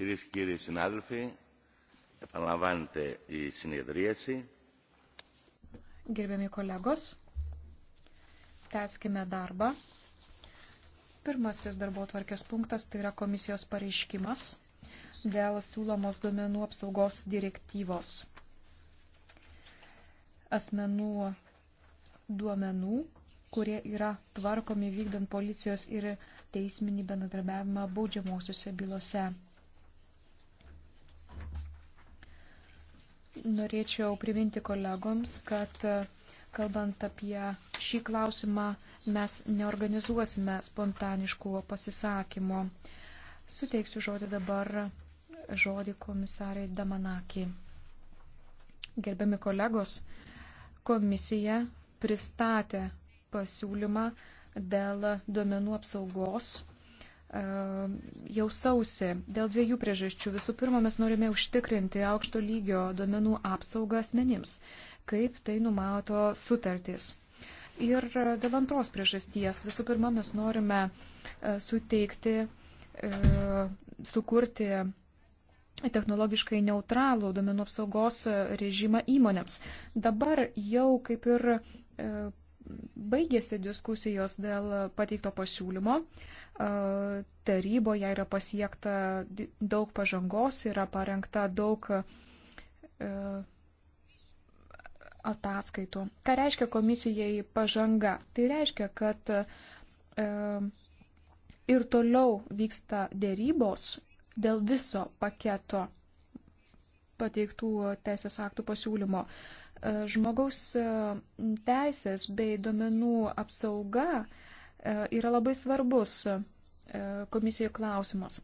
Κυρίες και κύριοι συνάδελφοι, επαναλαμβάνεται η συνεδρίαση. Gerbiami kolegos, tęskime darbą. Pirmasis darbo tvarkės punktas tai yra komisijos pareiškimas dėl siūlomos duomenų apsaugos direktyvos. Asmenų duomenų, kurie yra tvarkomi vykdant policijos ir teisminį bendradarbiavimą baudžiamosiuose bylose. Norėčiau priminti kolegoms, kad e, kalbant apie šį klausimą, mes neorganizuosime spontaniškų pasisakymų. Suteiksiu žodį dabar žodį komisarai Damanaki. Gerbiami kolegos, komisija pristatė pasiūlymą dėl duomenų apsaugos E, jau sausi dėl dviejų priežasčių. Visų pirma, mes norime užtikrinti aukšto lygio duomenų apsaugą asmenims, kaip tai numato sutartys. Ir e, dėl antros priežasties, visų pirma, mes norime e, suteikti, sukurti technologiškai neutralų duomenų apsaugos režimą įmonėms. Dabar jau kaip ir baigėsi diskusijos dėl pateikto pasiūlymo. Taryboje yra pasiekta daug pažangos, yra parengta daug e, ataskaitų. Ką reiškia komisijai pažanga? Tai reiškia, kad e, ir toliau vyksta dėrybos dėl viso paketo pateiktų teisės aktų pasiūlymo. Uh, E, žmogaus e, teisės bei domenų apsauga e, yra labai svarbus komisijų klausimas.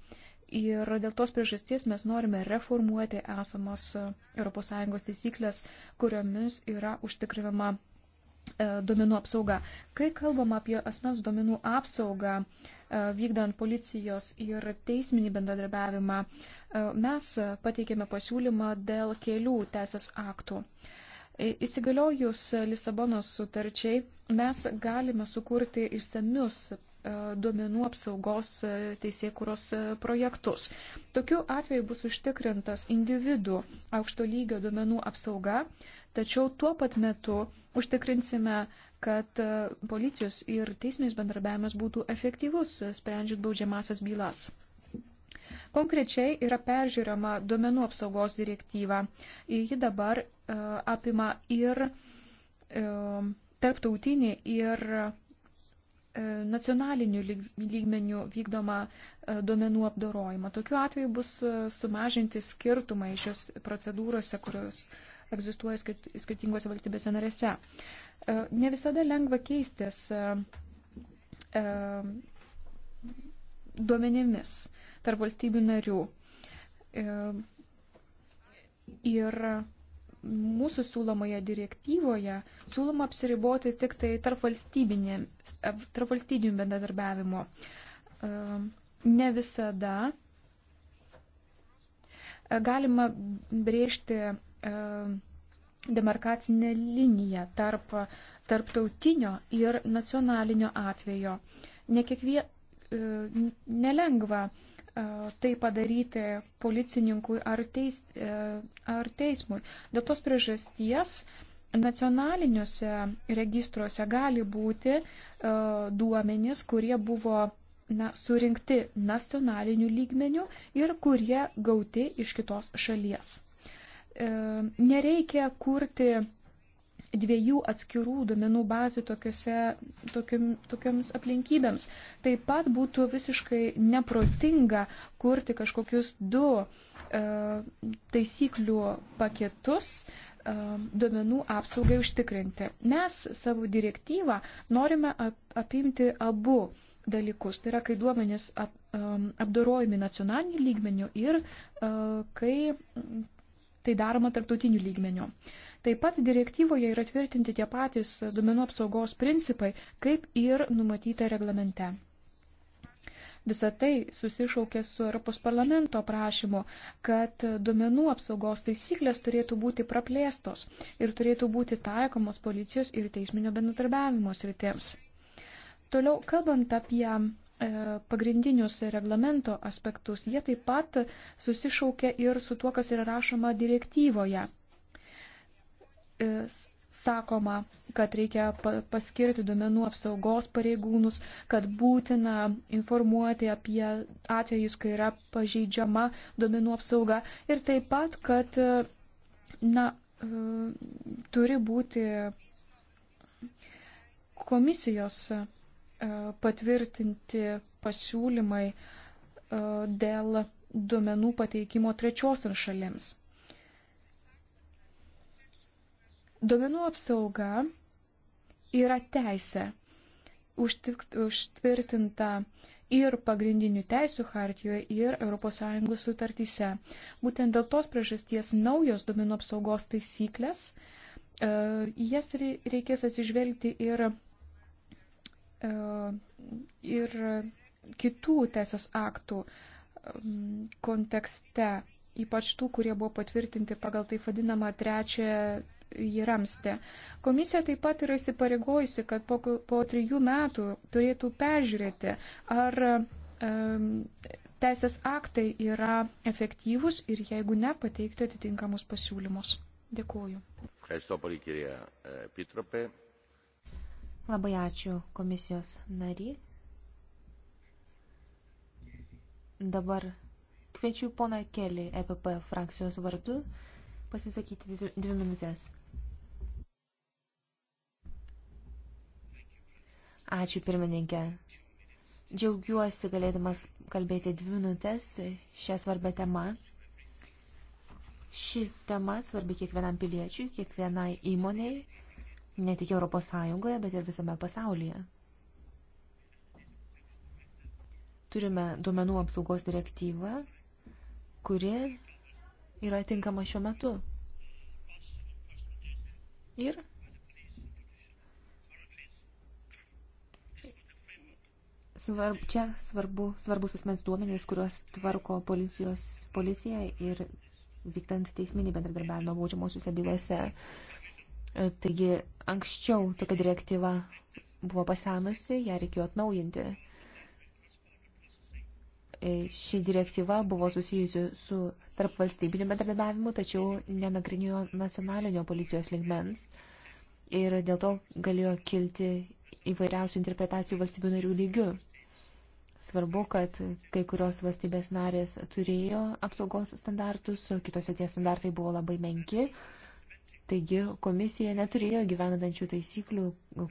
Ir dėl tos priežasties mes norime reformuoti esamas ES taisyklės, kuriomis yra užtikrinama duomenų apsauga. Kai kalbam apie asmens duomenų apsaugą, vykdant policijos ir teisminį bendradarbiavimą, mes pateikėme pasiūlymą dėl kelių teisės aktų. Įsigaliojus Lisabonos sutarčiai mes galime sukurti išsamius e, duomenų apsaugos e, teisėkuros e, projektus. Tokiu atveju bus užtikrintas individų aukšto lygio duomenų apsauga, tačiau tuo pat metu užtikrinsime, kad policijos ir teisminis bendrabiavimas būtų efektyvus, sprendžiant baudžiamasias bylas. Konkrečiai yra peržiūriama duomenų apsaugos direktyva. Ji dabar e, apima ir e, tarptautinį ir e, nacionaliniu lygmeniu vykdomą duomenų apdorojimą. Tokiu atveju bus sumažinti skirtumai šios procedūrose, kurios egzistuoja skirtingose valstybėse narėse. Ne visada lengva keistis duomenimis tarp valstybių narių. E, ir mūsų siūlomoje direktyvoje siūloma apsiriboti tik tai tarp, tarp valstybinių bendradarbiavimo. E, ne visada e, galima brėžti demarkacinę liniją tarp tarptautinio ir nacionalinio atvejo. Ne kiekvien, nelengva E, tai padaryti policininkui ar, teis, e, ar teismui. Dėl tos priežasties nacionaliniuose registruose gali būti e, duomenys, kurie buvo na, surinkti nacionaliniu lygmeniu ir kurie gauti iš kitos šalies. Nereikia kurti dviejų atskirų duomenų bazių tokiuose, tokium, tokiams aplinkybėms. Taip pat būtų visiškai neprotinga kurti kažkokius du e, taisyklių paketus e, duomenų apsaugai užtikrinti. Mes savo direktyvą norime ap apimti abu dalykus. Tai yra, kai duomenys ap, um, apdorojami nacionaliniu lygmeniu ir uh, kai tai daroma tarptautiniu lygmeniu. Taip pat direktyvoje yra tvirtinti tie patys duomenų apsaugos principai, kaip ir numatyta reglamente. Visą tai susišaukė su Europos parlamento prašymu, kad duomenų apsaugos taisyklės turėtų būti praplėstos ir turėtų būti taikomos policijos ir teisminio bendradarbiavimo sritėms. Toliau kalbant apie E, pagrindinius reglamento aspektus, jie taip pat susišaukia ir su tuo, kas yra rašoma direktyvoje. E, sakoma, kad reikia paskirti duomenų apsaugos pareigūnus, kad būtina informuoti apie atvejus, kai yra pažeidžiama duomenų apsauga ir taip pat, kad e, na, turi būti komisijos E, patvirtinti pasiūlymai e, dėl duomenų pateikimo trečiosios šalims. Duomenų apsauga yra teisė užtvirtinta ir pagrindinių teisų hartijoje, ir ES sutartyse. Būtent dėl tos priežasties naujos duomenų apsaugos taisyklės, e, jas reikės atsižvelgti ir E, ir kitų teisės aktų kontekste, ypač tų, kurie buvo patvirtinti pagal taip vadinamą trečią įramstę. Komisija taip pat yra įsipareigojusi, kad po, po trijų metų turėtų peržiūrėti, ar um, teisės aktai yra efektyvūs ir jeigu ne, pateikti atitinkamus pasiūlymus. Dėkuoju. Ευχαριστώ πολύ κυρία Επίτροπε. Labai ačiū komisijos nary. Dabar kviečiu poną Kelį EPP frakcijos vardu pasisakyti dvi, dvi minutės. Ačiū pirmininkė. Džiaugiuosi galėdamas kalbėti dvi minutės šią svarbę temą. Ši tema svarbi kiekvienam piliečiui, kiekvienai įmonėje ne tik Europos Sąjungoje, bet ir visame pasaulyje. Turime duomenų apsaugos direktyvą, kuri yra tinkama šiuo metu. Ir svarb, čia svarbu, svarbus asmens duomenys, kuriuos tvarko policijos, policija ir vykdant teisminį bendradarbiavimą baudžiamosiuose bylose. Uh, E, taigi anksčiau tokia direktyva buvo pasenusi, ją reikėjo atnaujinti. E, ši direktyva buvo susijusi su tarp valstybiniu bendradarbiavimu, tačiau nenagrinėjo nacionalinio policijos lygmens ir dėl to galėjo kilti įvairiausių interpretacijų valstybių narių lygių. Svarbu, kad kai kurios valstybės narės turėjo apsaugos standartus, kitose tie standartai buvo labai menki Taigi komisija neturėjo gyvenančių taisyklių,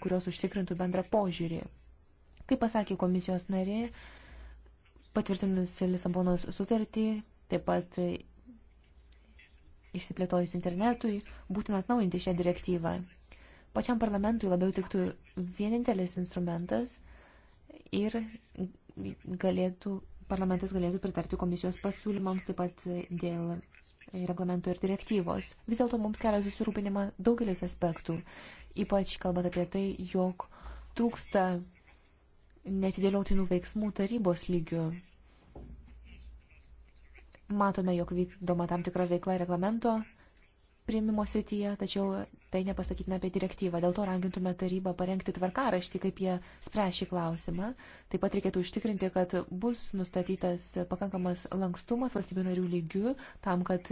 kurios užtikrintų bendrą požiūrį. Kaip pasakė komisijos narė, patvirtinus Lisabonos sutartį, taip pat išsiplėtojus internetui, būtina atnaujinti šią direktyvą. Pačiam parlamentui labiau tiktų vienintelis instrumentas ir galėtų, parlamentas galėtų pritarti komisijos pasiūlymams taip pat dėl reglamento ir direktyvos. Vis dėlto mums kelia susirūpinimą daugelis aspektų, ypač kalbant apie tai, jog trūksta netidėliotinų veiksmų tarybos lygių. Matome, jog vykdoma tam tikra veikla reglamento priimimo srityje, tačiau tai nepasakytina apie direktyvą. Dėl to rangintume tarybą parengti tvarkaraštį, kaip jie spręs šį klausimą. Taip pat reikėtų užtikrinti, kad bus nustatytas pakankamas lankstumas valstybių narių lygių tam, kad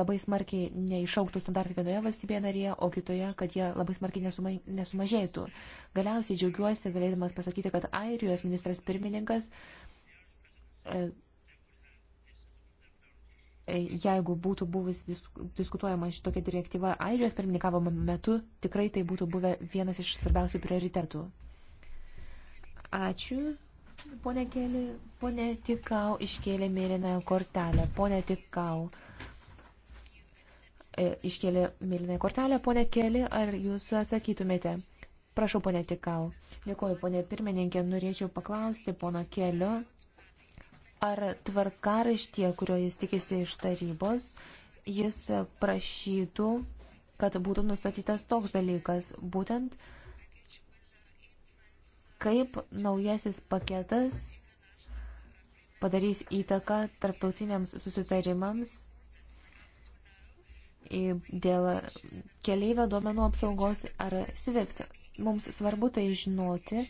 labai smarkiai neišauktų standartai vienoje valstybėje narėje, o kitoje, kad jie labai smarkiai nesuma, nesumažėtų. Galiausiai džiaugiuosi galėdamas pasakyti, kad Airijos ministras pirmininkas e, jeigu būtų buvus diskutuojama šitokia direktyva Airijos pirmininkavimo metu, tikrai tai būtų buvę vienas iš svarbiausių prioritetų. Ačiū. Pone Keli, pone Tikau iškėlė mėlynąją kortelę. Pone Tikau e, iškėlė mėlynąją kortelę. Pone Keli, ar jūs atsakytumėte? Prašau, pone Tikau. Dėkuoju, pone pirmininkė. Norėčiau paklausti pono Kelio ar tvarkaraštie, kurio jis tikisi iš tarybos, jis prašytų, kad būtų nustatytas toks dalykas, būtent kaip naujasis paketas padarys įtaką tarptautiniams susitarimams dėl keleivio duomenų apsaugos ar SWIFT. Mums svarbu tai žinoti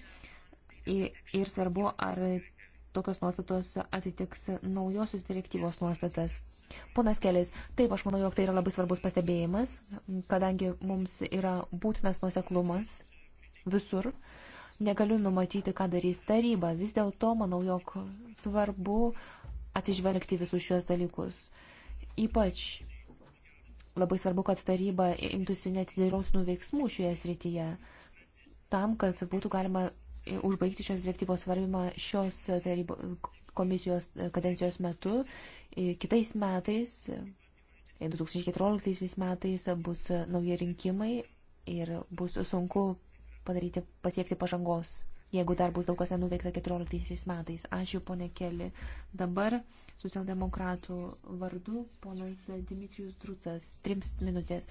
ir svarbu, ar tokios nuostatos atitiks naujosios direktyvos nuostatas. Ponas Kelis, taip, aš manau, jog tai yra labai svarbus pastebėjimas, kadangi mums yra būtinas nuoseklumas visur. Negaliu numatyti, ką darys taryba. Vis dėlto, manau, jog svarbu atsižvelgti visus šios dalykus. Ypač labai svarbu, kad taryba imtųsi netidėliausinų veiksmų šioje srityje, tam, kad būtų galima užbaigti šios direktyvos svarbimą šios tarybo, komisijos kadencijos metu. E, kitais metais, 2014 e, metais, bus nauji rinkimai ir bus sunku padaryti, pasiekti pažangos, jeigu dar bus daug kas nenuveikta 2014 metais. Ačiū, ponė Keli. Dabar socialdemokratų vardu ponas Dimitrijus Drucas. Trims minutės.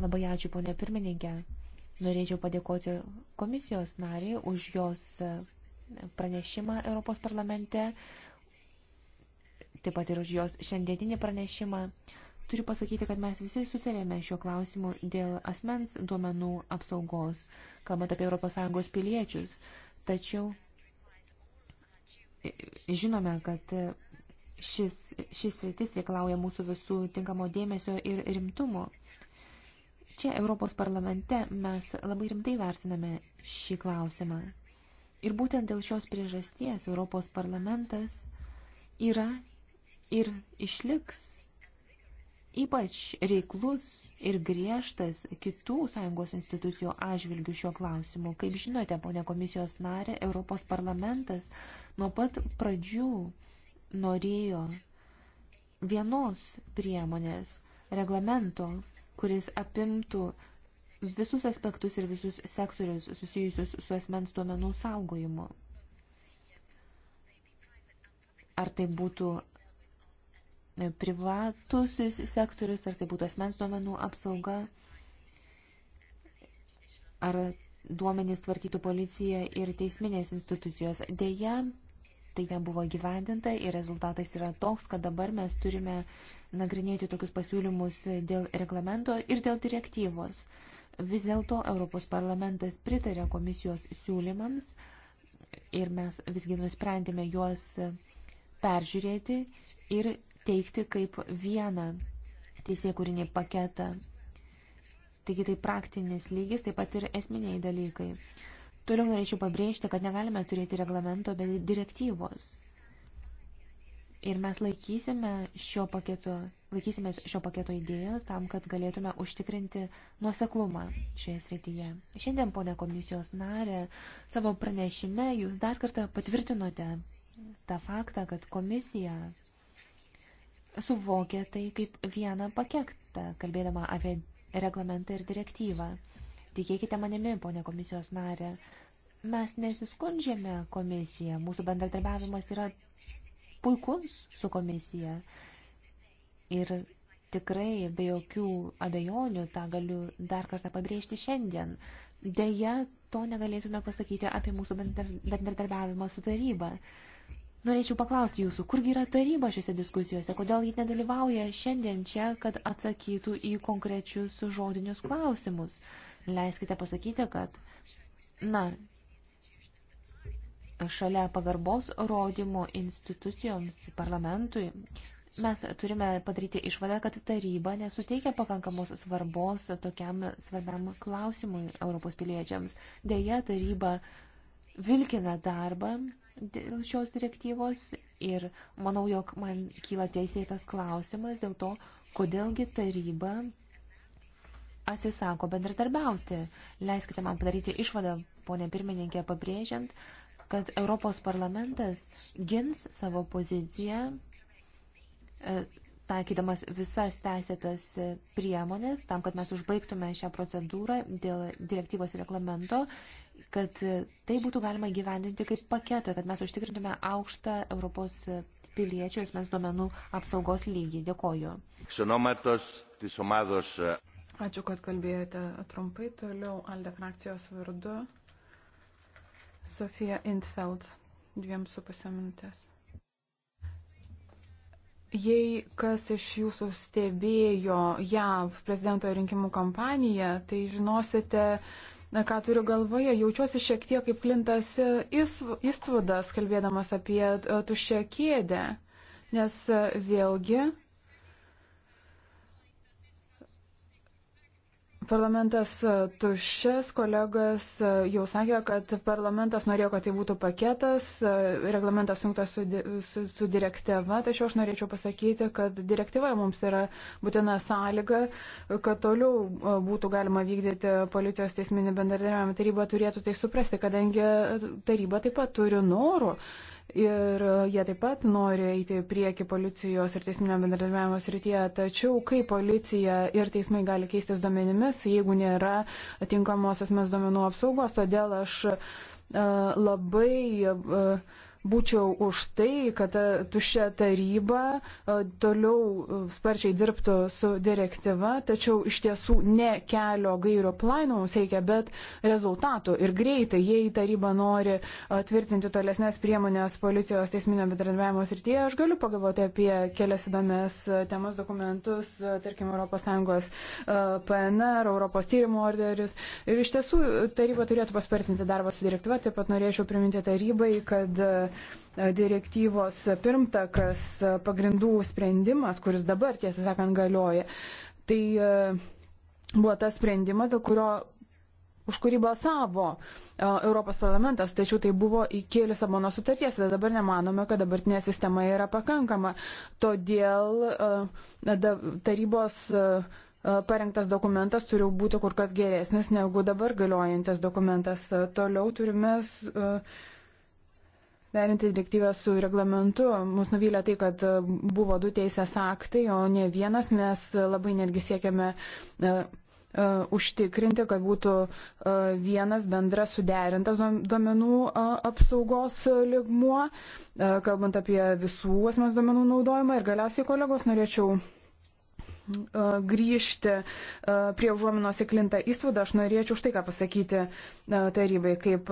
Labai ačiū, ponė pirmininkė. Norėčiau padėkoti komisijos nariai už jos e, pranešimą Europos parlamente, taip pat ir už jos šiandieninį pranešimą. Turiu pasakyti, kad mes visi sutarėme šiuo klausimu dėl asmens duomenų apsaugos, kalbant apie ES piliečius. Tačiau e, žinome, kad e, šis, šis rytis reikalauja mūsų visų tinkamo dėmesio ir rimtumo. Čia Europos parlamente mes labai rimtai vertiname šį klausimą. Ir būtent dėl šios priežasties Europos parlamentas yra ir išliks ypač reiklus ir griežtas kitų sąjungos institucijų atžvilgių šiuo klausimu. Kaip žinote, ponė komisijos narė, Europos parlamentas nuo pat pradžių norėjo vienos priemonės reglamento kuris apimtų visus aspektus ir visus sektorius susijusius su asmens duomenų saugojimu. Ar tai būtų privatus sektorius, ar tai būtų asmens duomenų apsauga, ar duomenys tvarkytų policija ir teisminės institucijos. Deja, tai nebuvo gyvendinta ir rezultatas yra toks, kad dabar mes turime nagrinėti tokius pasiūlymus dėl reglamento ir dėl direktyvos. Vis dėlto Europos parlamentas pritarė komisijos siūlymams ir mes visgi nusprendėme juos peržiūrėti ir teikti kaip vieną teisėkūrinį paketą. Taigi tai praktinis lygis, taip pat ir esminiai dalykai. Toliau norėčiau pabrėžti, kad negalime turėti reglamento be direktyvos. Ir mes laikysime šio paketo, laikysimės šio paketo idėjos tam, kad galėtume užtikrinti nuoseklumą šioje srityje. Šiandien, ponė komisijos narė, savo pranešime jūs dar kartą patvirtinote tą faktą, kad komisija suvokia tai kaip vieną paketą, kalbėdama apie reglamentą ir direktyvą. Tikėkite manimi, ponė komisijos narė. Mes nesiskundžiame komisiją. Mūsų bendradarbiavimas yra puikus su komisija. Ir tikrai be jokių abejonių tą galiu dar kartą pabrėžti šiandien. Deja, to negalėtume pasakyti apie mūsų bendradarbiavimą su taryba. Norėčiau paklausti jūsų, kurgi yra taryba šiuose diskusijose, kodėl ji nedalyvauja šiandien čia, kad atsakytų į konkrečius žodinius klausimus. Leiskite pasakyti, kad, na, šalia pagarbos rodymų institucijoms, parlamentui, mes turime padaryti išvadą, kad taryba nesuteikia pakankamos svarbos tokiam svarbiam klausimui Europos piliečiams. Deja, taryba vilkina darbą dėl šios direktyvos ir manau, jog man kyla teisėtas klausimas dėl to, kodėlgi taryba atsisako bendradarbiauti. Leiskite man padaryti išvadą, ponė pirmininkė, pabrėžiant, kad Europos parlamentas gins savo poziciją, e, taikydamas visas teisėtas priemonės, tam, kad mes užbaigtume šią procedūrą dėl direktyvos reglamento, kad tai būtų galima gyvendinti kaip paketą, kad mes užtikrintume aukštą Europos piliečių ir asmens duomenų apsaugos lygį. Dėkoju. Ksenomatos, tisomados. Ačiū, kad kalbėjote trumpai. Toliau Alde frakcijos vardu Sofija Intfeld, dviem su pusė minutės. Jei kas iš jūsų stebėjo JAV prezidento rinkimų kampaniją, tai žinosite, na, ką turiu galvoje. Jaučiuosi šiek tiek kaip klintas įstvadas, kalbėdamas apie e, tuščią kėdę, nes e, vėlgi Parlamentas e, tuščias, kolegas e, jau sakė, kad parlamentas norėjo, kad tai būtų paketas, e, reglamentas sujungtas su, su, su direktyva, tačiau aš norėčiau pasakyti, kad direktyva mums yra būtina sąlyga, kad toliau būtų galima vykdyti policijos teisminį bendradarbiavimą. Taryba turėtų tai suprasti, kadangi taryba taip pat turi norų Ir jie taip pat nori eiti prieki policijos ir teisminio bendradarbiavimo srityje, tačiau kaip policija ir teismai gali keistis duomenimis, jeigu nėra tinkamos asmens duomenų apsaugos, todėl aš e, labai e, būčiau už tai, kad ta tuščia taryba e, toliau e, sparčiai dirbtų su direktyva, tačiau iš tiesų ne kelio gairio plano mums reikia, bet rezultatų ir greitai, jei taryba nori tvirtinti tolesnės priemonės policijos teisminio bendradarbiavimo srityje, aš galiu pagalvoti apie kelias įdomias e, temas dokumentus, tarkim, ES PNR, Europos tyrimo orderis. Ir iš tiesų taryba turėtų paspartinti darbą su direktyva, taip pat norėčiau priminti tarybai, kad direktyvos pirmtakas, pagrindų sprendimas, kuris dabar, tiesą sakant, galioja, tai e, buvo tas sprendimas, dėl kurio už kurį balsavo e, Europos parlamentas, tačiau tai buvo iki Lisabono sutarties, bet dabar nemanome, kad dabartinė sistema yra pakankama. Todėl e, tarybos parengtas dokumentas turi būti kur kas geresnis negu dabar galiojantis dokumentas. Toliau turime derinti direktyvę su reglamentu. Mus nuvylė tai, kad buvo du teisės aktai, o ne vienas. Mes labai netgi siekiame e, e, užtikrinti, kad būtų e, vienas bendras suderintas duomenų apsaugos ligmuo, kalbant apie visų asmens duomenų naudojimą. Ir galiausiai, kolegos, norėčiau grįžti prie užuominos įklinta įstvada. Aš norėčiau štai ką pasakyti tarybai, kaip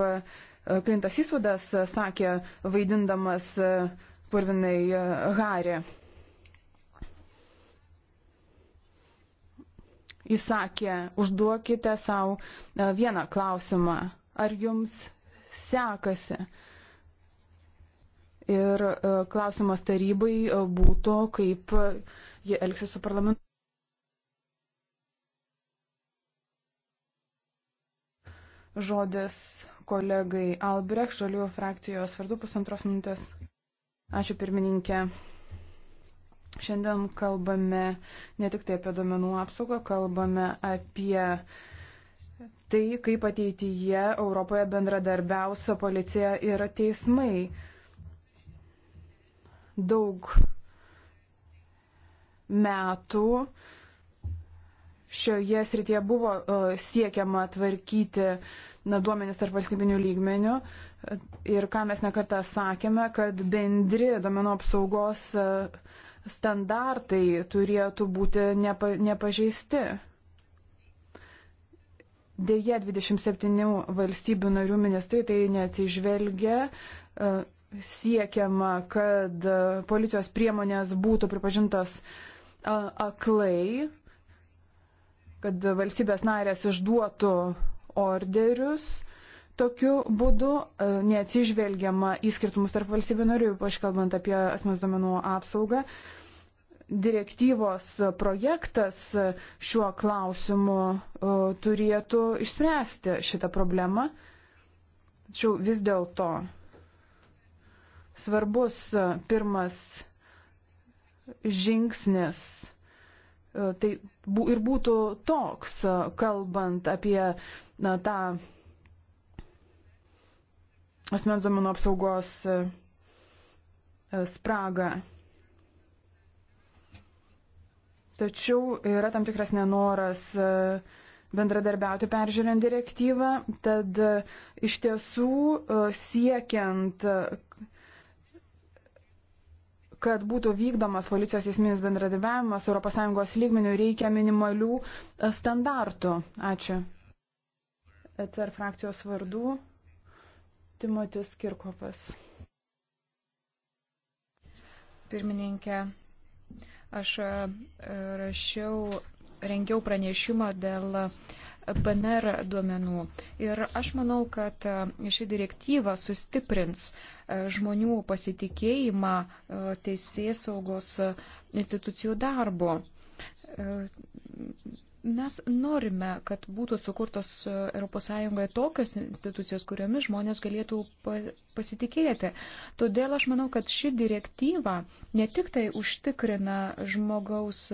E, Klintas Įsudas e, sakė, vaidindamas e, purvinai Harį. Jis sakė, užduokite savo vieną klausimą, ar jums sekasi. Ir klausimas tarybai būtų, kaip jie elgsis su parlamentu. Žodis kolegai Albrecht, žaliųjų frakcijos vardu pusantros minutės. Ačiū pirmininkė. Šiandien kalbame ne tik tai apie duomenų apsaugą, kalbame apie tai, kaip ateityje Europoje bendradarbiausia policija yra teismai. Daug metų uh, šioje srityje buvo e, siekiama tvarkyti na, duomenis tarp valstybinių lygmenių. Ir ką mes nekartą sakėme, kad bendri duomenų apsaugos e, standartai turėtų būti nepa, nepažeisti. Deja, 27 valstybių narių ministrai tai neatsižvelgia e, siekiama, kad policijos priemonės būtų pripažintos aklai kad valstybės narės išduotų orderius. Tokiu būdu e, neatsižvelgiama į skirtumus tarp valstybių narių, ypač kalbant apie asmens duomenų apsaugą. Direktyvos projektas šiuo klausimu e, turėtų išspręsti šitą problemą. Tačiau vis dėlto svarbus e, pirmas žingsnis E, tai ir būtų toks, e, kalbant apie na, tą asmens duomenų apsaugos e, spragą. Tačiau yra tam tikras nenoras bendradarbiauti peržiūrint direktyvą, tad iš tiesų siekiant kad būtų vykdomas policijos esminis bendradarbiavimas ES lygmenių, reikia minimalių e, standartų. Ačiū. ECR frakcijos vardų Timotis Kirkopas. Pirmininkė, aš e, rašiau, rengiau pranešimą dėl uh, PNR duomenų. Ir aš manau, kad e, ši direktyva sustiprins e, žmonių pasitikėjimą e, teisės saugos institucijų darbo. Mes norime, kad būtų sukurtos ES tokios institucijos, kuriomis žmonės galėtų pasitikėti. Todėl aš manau, kad ši direktyva ne tik tai užtikrina žmogaus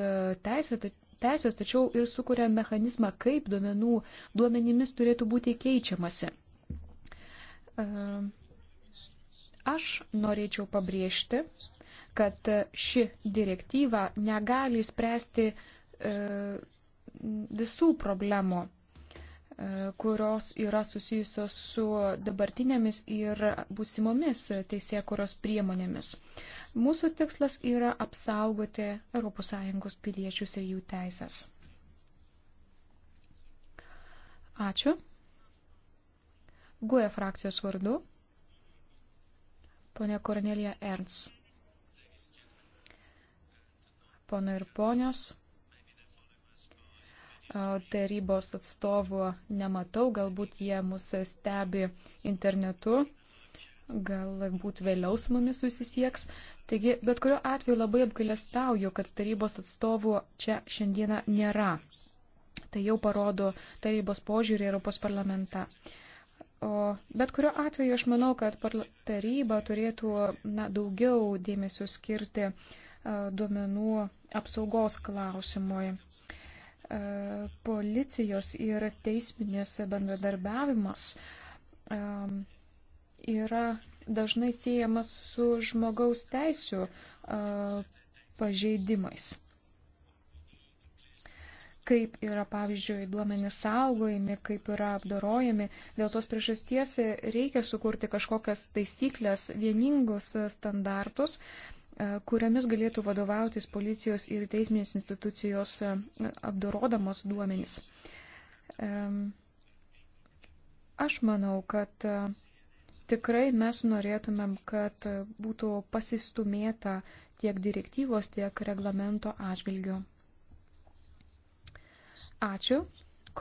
teisę, teisės, tačiau ir sukuria mechanizmą, kaip duomenų, duomenimis turėtų būti keičiamasi. E, aš norėčiau pabrėžti, kad ši direktyva negali spręsti e, visų problemų kurios yra susijusios su dabartinėmis ir būsimomis teisėkuros priemonėmis. Mūsų tikslas yra apsaugoti ES piliečius ir jų teisės. Ačiū. GUE frakcijos vardu. Pone Kornelija Ernst. Pono ir ponios tarybos atstovų nematau, galbūt jie mus stebi internetu, galbūt vėliau su mumis susisieks. Taigi, bet kuriuo atveju labai apgailestauju, kad tarybos atstovų čia šiandieną nėra. Tai jau parodo tarybos požiūrį Europos parlamentą. O bet kuriuo atveju aš manau, kad taryba turėtų na, daugiau dėmesio skirti uh, duomenų apsaugos klausimui. Uh, E, policijos ir teisminis bendradarbiavimas e, yra dažnai siejamas su žmogaus teisų e, pažeidimais. Kaip yra, pavyzdžiui, duomenys saugojami, kaip yra apdorojami. Dėl tos priežasties reikia sukurti kažkokias taisyklės, vieningus standartus, E, kuriamis galėtų vadovautis policijos ir teisminės institucijos e, apdorodamos duomenys. Aš manau, kad e, tikrai mes norėtumėm, kad būtų pasistumėta tiek direktyvos, tiek reglamento atžvilgiu. Ačiū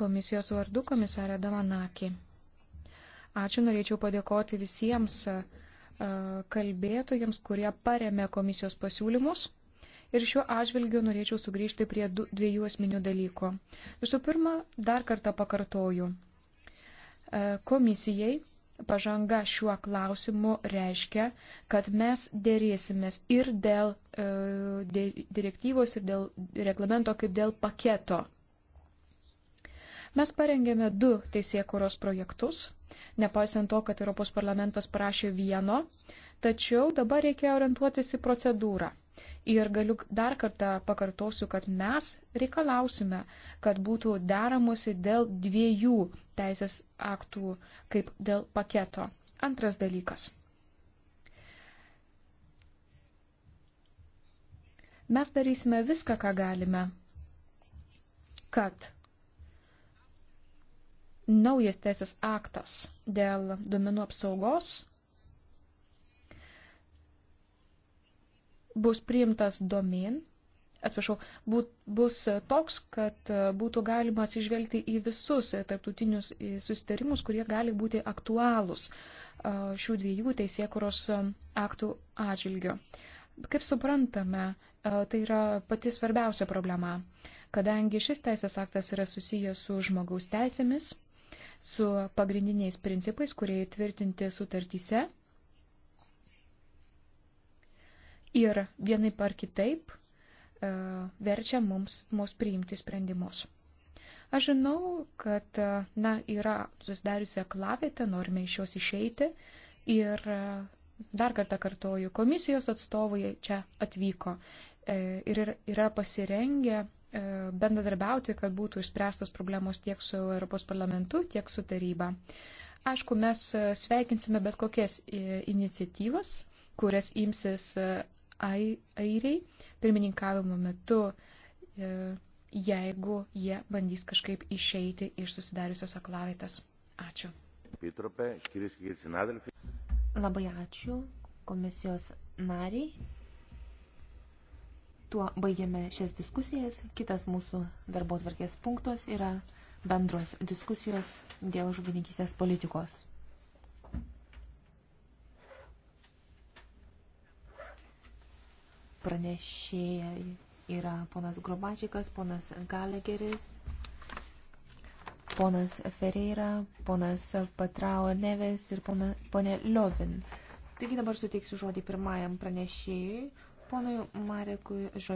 komisijos vardu komisarė Davanakį. Ačiū norėčiau padėkoti visiems uh, E, kalbėtojams, kurie paremė komisijos pasiūlymus. Ir šiuo atžvilgiu norėčiau sugrįžti prie dviejų esminių dalykų. Visų pirma, dar kartą pakartoju. E, komisijai pažanga šiuo klausimu reiškia, kad mes dėrėsimės ir dėl e, direktyvos, ir dėl reglamento, kaip dėl paketo. Mes parengėme du teisėkuros projektus nepaisant to, kad Europos parlamentas prašė vieno, tačiau dabar reikia orientuotis į procedūrą. Ir galiu dar kartą pakartosiu, kad mes reikalausime, kad būtų deramusi dėl dviejų teisės aktų kaip dėl paketo. Antras dalykas. Mes darysime viską, ką galime, kad naujas teisės aktas dėl duomenų apsaugos bus priimtas domin, atsiprašau, būt, bus toks, kad būtų galima atsižvelgti į visus tarptautinius susitarimus, kurie gali būti aktualūs šių dviejų teisėkuros aktų atžvilgių. Kaip suprantame, tai yra pati svarbiausia problema, kadangi šis teisės aktas yra susijęs su žmogaus teisėmis su pagrindiniais principais, kurie įtvirtinti sutartyse. Ir vienai par kitaip e, verčia mums, mus priimti sprendimus. Aš žinau, kad, e, na, yra susidariusi aklavėte, norime iš jos išeiti ir e, dar kartą kartoju, komisijos atstovai čia atvyko ir yra pasirengę E, bendradarbiauti, kad būtų išspręstos problemos tiek su Europos parlamentu, tiek su taryba. Aišku, mes e, sveikinsime bet kokias e, iniciatyvas, kurias imsis airiai pirmininkavimo metu, jeigu jie bandys kažkaip išeiti iš susidariusios aklavaitas. Ačiū. Labai ačiū komisijos nariai. Tuo baigiame šias diskusijas. Kitas mūsų darbo tvarkės punktas yra bendros diskusijos dėl žuvininkysės politikos. Pranešėjai yra ponas Grobačikas, ponas Galegeris, ponas Ferreira, ponas Patrao Neves ir pona, ponė Liovin. Taigi dabar suteiksiu žodį pirmajam pranešėjui, Ponui Marekui žodžiu.